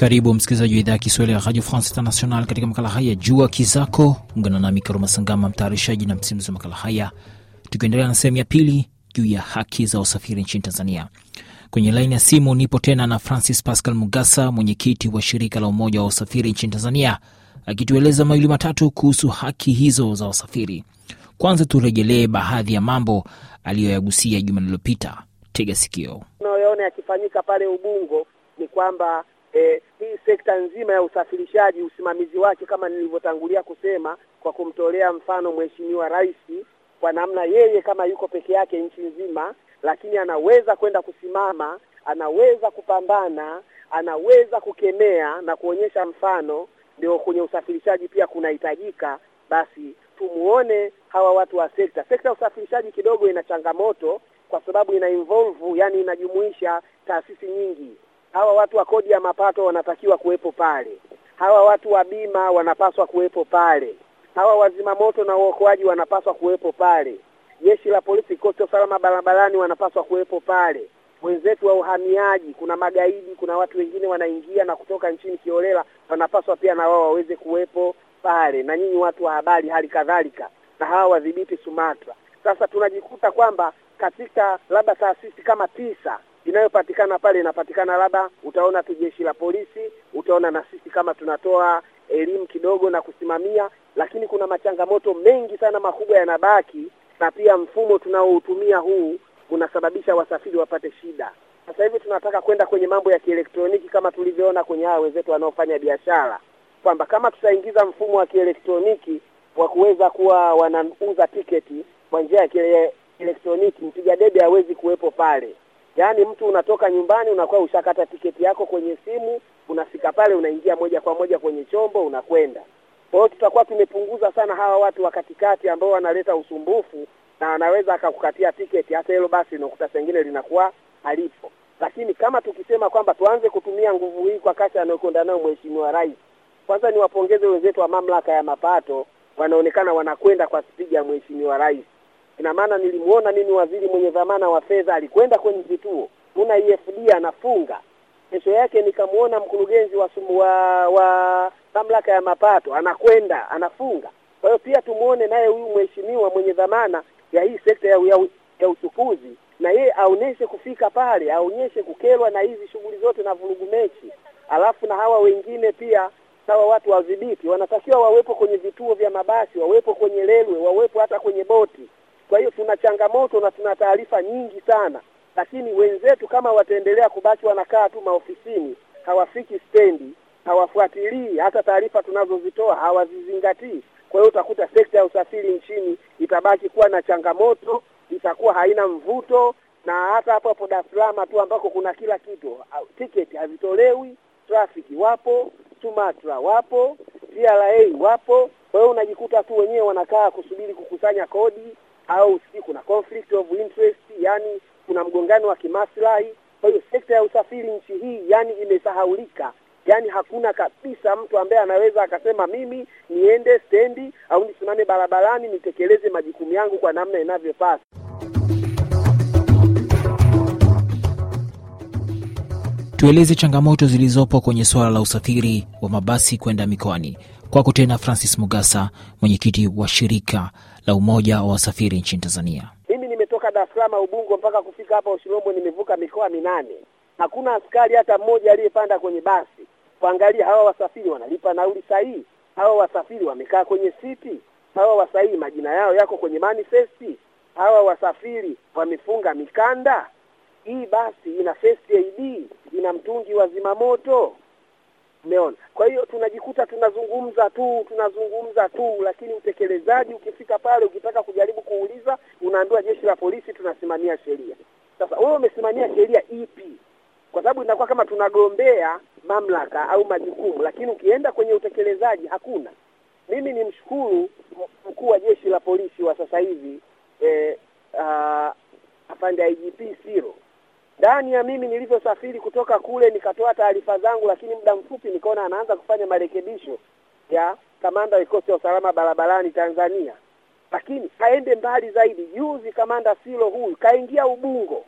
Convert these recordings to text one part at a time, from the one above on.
Karibu msikilizaji wa idhaa ya Kiswahili ya Radio France International katika makala haya Jua Kizako. Ungana nami Karuma Sangama, mtayarishaji na msimuzi wa makala haya, tukiendelea na sehemu ya pili juu ya haki za usafiri nchini Tanzania. Kwenye laini ya simu nipo tena na Francis Pascal Mugasa, mwenyekiti wa shirika la umoja wa usafiri nchini Tanzania, akitueleza mawili matatu kuhusu haki hizo za wasafiri. Kwanza turejelee baadhi ya mambo aliyoyagusia juma lililopita. Tega sikio. Unayoona yakifanyika pale Ubungo ni kwamba e, hii sekta nzima ya usafirishaji, usimamizi wake kama nilivyotangulia kusema kwa kumtolea mfano Mheshimiwa Rais kwa namna yeye kama yuko peke yake nchi nzima, lakini anaweza kwenda kusimama, anaweza kupambana, anaweza kukemea na kuonyesha mfano. Ndio kwenye usafirishaji pia kunahitajika. Basi tumuone hawa watu wa sekta sekta ya usafirishaji, kidogo ina changamoto kwa sababu ina involve, yani inajumuisha taasisi nyingi hawa watu wa kodi ya mapato wanatakiwa kuwepo pale, hawa watu wa bima wanapaswa kuwepo pale, hawa wazima moto na uokoaji wanapaswa kuwepo pale, jeshi la polisi, kocha usalama barabarani wanapaswa kuwepo pale, wenzetu wa uhamiaji, kuna magaidi, kuna watu wengine wanaingia na kutoka nchini kiolela, wanapaswa pia na wao waweze kuwepo pale, na nyinyi watu wa habari hali kadhalika, na hawa wadhibiti Sumatra. Sasa tunajikuta kwamba katika labda taasisi kama tisa inayopatikana pale inapatikana, labda utaona tu jeshi la polisi, utaona na sisi kama tunatoa elimu kidogo na kusimamia, lakini kuna machangamoto mengi sana makubwa yanabaki, na pia mfumo tunaoutumia huu unasababisha wasafiri wapate shida. Sasa hivi tunataka kwenda kwenye mambo ya kielektroniki kama tulivyoona kwenye hawa wenzetu wanaofanya biashara, kwamba kama tutaingiza mfumo wa kielektroniki wa kuweza kuwa wanauza tiketi kwa njia ya kielektroniki, mpiga debe hawezi kuwepo pale. Yaani mtu unatoka nyumbani unakuwa ushakata tiketi yako kwenye simu, unafika pale unaingia moja kwa moja kwenye chombo unakwenda. Kwa hiyo tutakuwa tumepunguza sana hawa watu wa katikati ambao wanaleta usumbufu na anaweza akakukatia tiketi, hata hilo basi unakuta sengine linakuwa halipo. Lakini kama tukisema kwamba tuanze kutumia nguvu hii kwa kasi anayokwenda nayo Mheshimiwa Rais, kwanza niwapongeze wenzetu wa mamlaka ya mapato, wanaonekana wanakwenda kwa spidi ya Mheshimiwa Rais. Ina maana nilimwona mimi waziri mwenye dhamana wa fedha alikwenda kwenye kituo kuna EFD anafunga, kesho yake nikamwona mkurugenzi wa wa wa mamlaka ya mapato anakwenda anafunga. Kwa hiyo pia tumwone naye huyu mheshimiwa mwenye dhamana ya hii sekta ya, ya, ya uchukuzi na ye aonyeshe kufika pale, aonyeshe kukerwa na hizi shughuli zote na vurugu mechi. Alafu na hawa wengine pia sawa, watu wadhibiti wanatakiwa wawepo kwenye vituo vya mabasi, wawepo kwenye relwe, wawepo hata kwenye boti. Kwa hiyo tuna changamoto na tuna taarifa nyingi sana, lakini wenzetu kama wataendelea kubaki wanakaa tu maofisini, hawafiki stendi, hawafuatilii hata taarifa tunazozitoa hawazizingatii. Kwa hiyo utakuta sekta ya usafiri nchini itabaki kuwa na changamoto, itakuwa haina mvuto, na hata hapo hapo Dar es Salaam tu ambako kuna kila kitu, tiketi hazitolewi, trafiki wapo, SUMATRA wapo, TRA wapo. Kwa hiyo unajikuta tu wenyewe wanakaa kusubiri kukusanya kodi au si kuna conflict of interest, yani kuna mgongano wa kimaslahi. Kwa hiyo sekta ya usafiri nchi hii yani imesahaulika, yani hakuna kabisa mtu ambaye anaweza akasema mimi niende stendi au nisimame barabarani nitekeleze majukumu yangu kwa namna inavyopasa. Tueleze changamoto zilizopo kwenye suala la usafiri wa mabasi kwenda mikoani. Kwako tena, Francis Mugasa, mwenyekiti wa shirika la umoja wa wasafiri nchini Tanzania. Mimi nimetoka daslama Ubungo mpaka kufika hapa Ushirombo, nimevuka mikoa minane. Hakuna askari hata mmoja aliyepanda kwenye basi kuangalia hawa wasafiri wanalipa nauli sahihi, hawa wasafiri wamekaa kwenye siti, hawa wasahii majina yao yako kwenye manifesti, hawa wasafiri wamefunga mikanda hii basi ina first aid, ina mtungi wa zimamoto. Umeona? Kwa hiyo tunajikuta tunazungumza tu tunazungumza tu, lakini utekelezaji ukifika pale, ukitaka kujaribu kuuliza, unaambiwa jeshi la polisi tunasimamia sheria. Sasa wewe umesimamia sheria ipi? Kwa sababu inakuwa kama tunagombea mamlaka au majukumu, lakini ukienda kwenye utekelezaji hakuna. Mimi ni mshukuru mkuu wa jeshi la polisi wa sasa hivi eh, uh, afande IGP Siro ndani ya mimi nilivyosafiri kutoka kule nikatoa taarifa zangu, lakini muda mfupi nikaona anaanza kufanya marekebisho ya kamanda wa kikosi cha usalama barabarani Tanzania, lakini kaende mbali zaidi. Juzi kamanda Silo huyu kaingia Ubungo,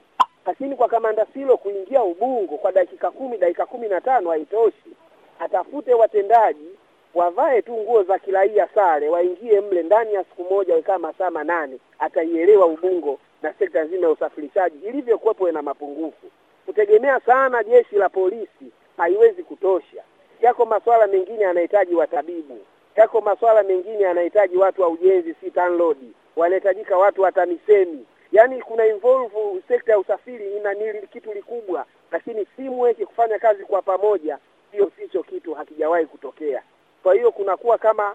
lakini kwa kamanda Silo kuingia Ubungo kwa dakika kumi dakika kumi na tano haitoshi. Atafute watendaji wavae tu nguo za kiraia, sare, waingie mle ndani ya siku moja, wekaa masaa manane, ataielewa Ubungo na sekta nzima ya usafirishaji ilivyokuwepo ina mapungufu. Kutegemea sana jeshi la polisi haiwezi kutosha. Yako masuala mengine yanahitaji watabibu, yako masuala mengine yanahitaji watu wa ujenzi, si tanlodi wanahitajika watu wa TAMISEMI. Yaani kuna involve sekta ya usafiri ina ni kitu likubwa, lakini simuweke kufanya kazi kwa pamoja, hiyo sicho kitu, hakijawahi kutokea. Kwa hiyo kunakuwa kama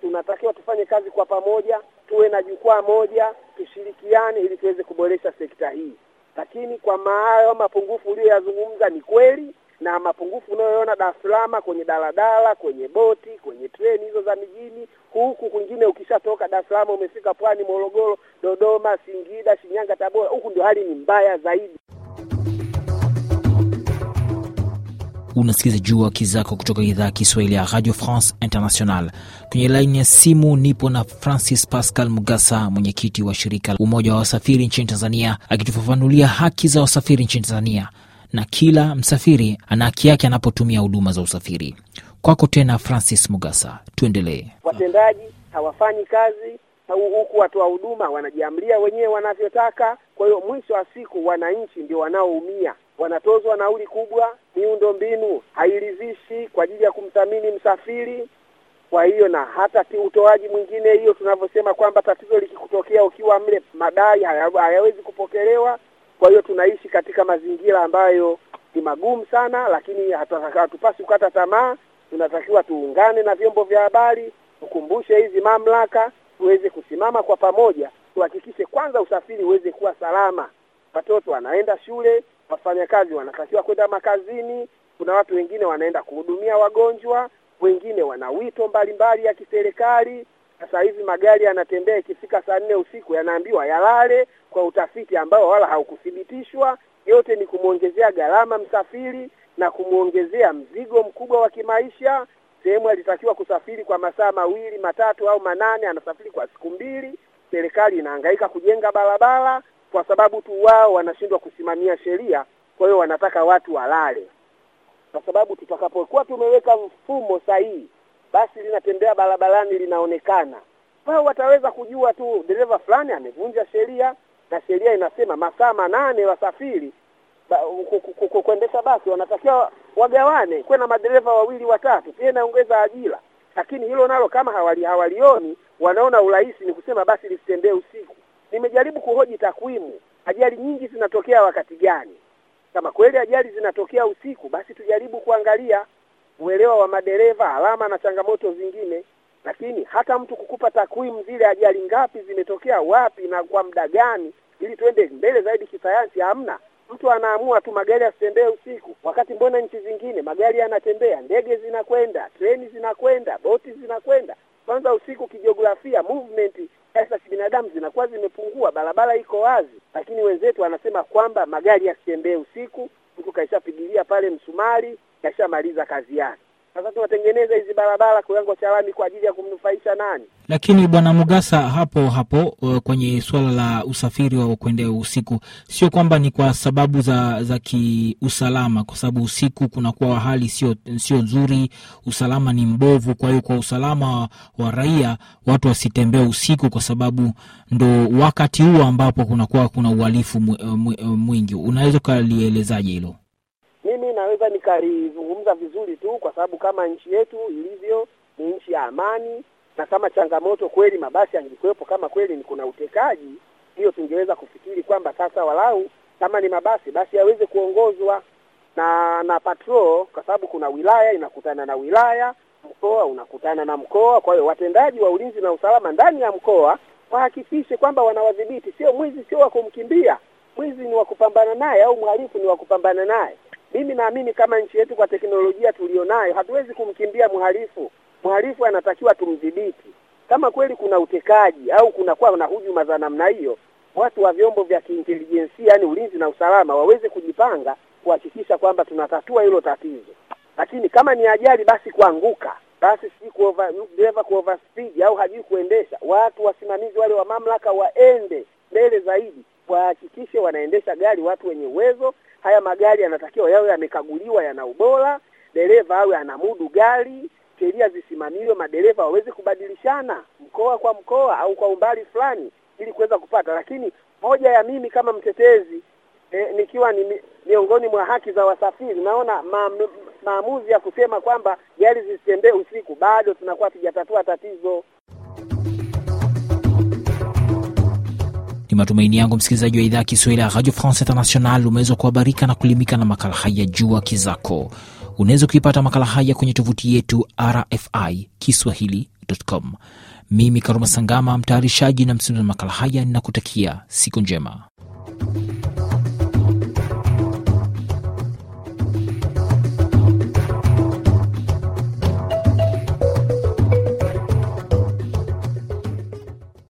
tunatakiwa tufanye kazi kwa pamoja, tuwe na jukwaa moja, tushirikiane ili tuweze kuboresha sekta hii. Lakini kwa maayo mapungufu uliyoyazungumza ni kweli, na mapungufu unayoona Dar es Salaam kwenye daladala, kwenye boti, kwenye treni hizo za mijini, huku kwingine ukishatoka Dar es Salaam umefika Pwani, Morogoro, Dodoma, Singida, Shinyanga, Tabora, huku ndio hali ni mbaya zaidi. unasikiliza juu haki zako kutoka idhaa ya Kiswahili ya Radio France International. Kwenye laini ya simu nipo na Francis Pascal Mugasa, mwenyekiti wa shirika la umoja wa wasafiri nchini Tanzania, akitufafanulia haki za wasafiri nchini Tanzania, na kila msafiri ana haki yake anapotumia huduma za usafiri. Kwako tena Francis Mugasa, tuendelee. Watendaji hawafanyi kazi huku watoa huduma wanajiamlia wenyewe wanavyotaka. Kwa hiyo mwisho wa siku wananchi ndio wanaoumia wanatozwa nauli kubwa, miundo mbinu hairidhishi kwa ajili ya kumthamini msafiri. Kwa hiyo na hata utoaji mwingine, hiyo tunavyosema kwamba tatizo likikutokea ukiwa mle, madai hayawezi kupokelewa. Kwa hiyo tunaishi katika mazingira ambayo ni magumu sana, lakini hatupasi kukata tamaa. Tunatakiwa tuungane na vyombo vya habari, tukumbushe hizi mamlaka, tuweze kusimama kwa pamoja, tuhakikishe kwanza usafiri uweze kuwa salama, watoto wanaenda shule wafanyakazi wanatakiwa kwenda makazini. Kuna watu wengine wanaenda kuhudumia wagonjwa, wengine wana wito mbalimbali ya kiserikali. Sasa hivi magari yanatembea, ikifika saa nne usiku yanaambiwa yalale kwa utafiti ambao wala haukuthibitishwa. Yote ni kumwongezea gharama msafiri na kumwongezea mzigo mkubwa wa kimaisha. Sehemu alitakiwa kusafiri kwa masaa mawili matatu au manane, anasafiri kwa siku mbili. Serikali inahangaika kujenga barabara, kwa sababu tu wao wanashindwa kusimamia sheria, kwa hiyo wanataka watu walale. Kwa sababu tutakapokuwa tumeweka mfumo sahihi, basi linatembea barabarani linaonekana, wao wataweza kujua tu dereva fulani amevunja sheria, na sheria inasema masaa manane wasafiri kuendesha basi, wanatakiwa wagawane, kuwe na madereva wawili watatu, pia inaongeza ajira. Lakini hilo nalo kama hawali hawalioni, wanaona urahisi ni kusema basi lisitembee usiku nimejaribu kuhoji takwimu, ajali nyingi zinatokea wakati gani? Kama kweli ajali zinatokea usiku, basi tujaribu kuangalia uelewa wa madereva, alama na changamoto zingine. Lakini hata mtu kukupa takwimu zile, ajali ngapi zimetokea wapi na kwa muda gani, ili tuende mbele zaidi kisayansi, hamna. Mtu anaamua tu magari yasitembee usiku, wakati mbona nchi zingine magari yanatembea, ndege zinakwenda, treni zinakwenda, boti zinakwenda. Kwanza usiku kijiografia, movement za binadamu zinakuwa zimepungua, barabara iko wazi, lakini wenzetu wanasema kwamba magari yasitembee usiku. Mtu kaishapigilia pale msumari, kaishamaliza kazi yake. Sasa tunatengeneza hizi barabara kiwango cha lami kwa ajili ya kumnufaisha nani? Lakini bwana Mugasa, hapo hapo uh, kwenye suala la usafiri wa kwenda usiku, sio kwamba ni kwa sababu za za kiusalama, kwa sababu usiku kunakuwa hali sio sio nzuri, usalama ni mbovu. Kwa hiyo kwa usalama wa raia, watu wasitembee usiku, kwa sababu ndo wakati huo ambapo kunakuwa kuna uhalifu uh, uh, mwingi. Unaweza ukalielezaje hilo? mimi naweza nikalizungumza vizuri tu, kwa sababu kama nchi yetu ilivyo ni nchi ya amani, na kama changamoto kweli mabasi yangekuwepo, kama kweli ni kuna utekaji, hiyo tungeweza kufikiri kwamba sasa walau kama ni mabasi basi yaweze kuongozwa na na patrol, kwa sababu kuna wilaya inakutana na wilaya, mkoa unakutana na mkoa. Kwa hiyo watendaji wa ulinzi na usalama ndani ya mkoa wahakikishe kwamba wanawadhibiti. Sio mwizi, sio wa kumkimbia mwizi, ni wa kupambana naye, au mhalifu ni wa kupambana naye. Mimi naamini kama nchi yetu kwa teknolojia tulionayo, hatuwezi kumkimbia mhalifu. Mhalifu anatakiwa tumdhibiti. Kama kweli kuna utekaji au kunakuwa na hujuma za namna hiyo, watu wa vyombo vya kiintelijensia, yani ulinzi na usalama, waweze kujipanga kuhakikisha kwamba tunatatua hilo tatizo. Lakini kama ni ajali, basi kuanguka, basi si kuova dereva kuova speed au hajui kuendesha, watu wasimamizi wale wa mamlaka waende mbele zaidi, wahakikishe wanaendesha gari watu wenye uwezo haya magari yanatakiwa yawe yamekaguliwa, yana ubora, dereva awe anamudu gari, sheria zisimamiwe, madereva waweze kubadilishana mkoa kwa mkoa au kwa umbali fulani ili kuweza kupata. Lakini moja ya mimi kama mtetezi e, nikiwa ni miongoni mwa haki za wasafiri, naona maamuzi ya kusema kwamba gari zisitembee usiku bado tunakuwa tujatatua tatizo. Ni matumaini yangu msikilizaji wa idhaa Kiswahili ya Radio France International umeweza kuhabarika na kulimika na makala haya jua kizako. Unaweza kuipata makala haya kwenye tovuti yetu RFI Kiswahili.com. Mimi Karuma Sangama, mtayarishaji na msimulizi wa makala haya, ninakutakia siku njema.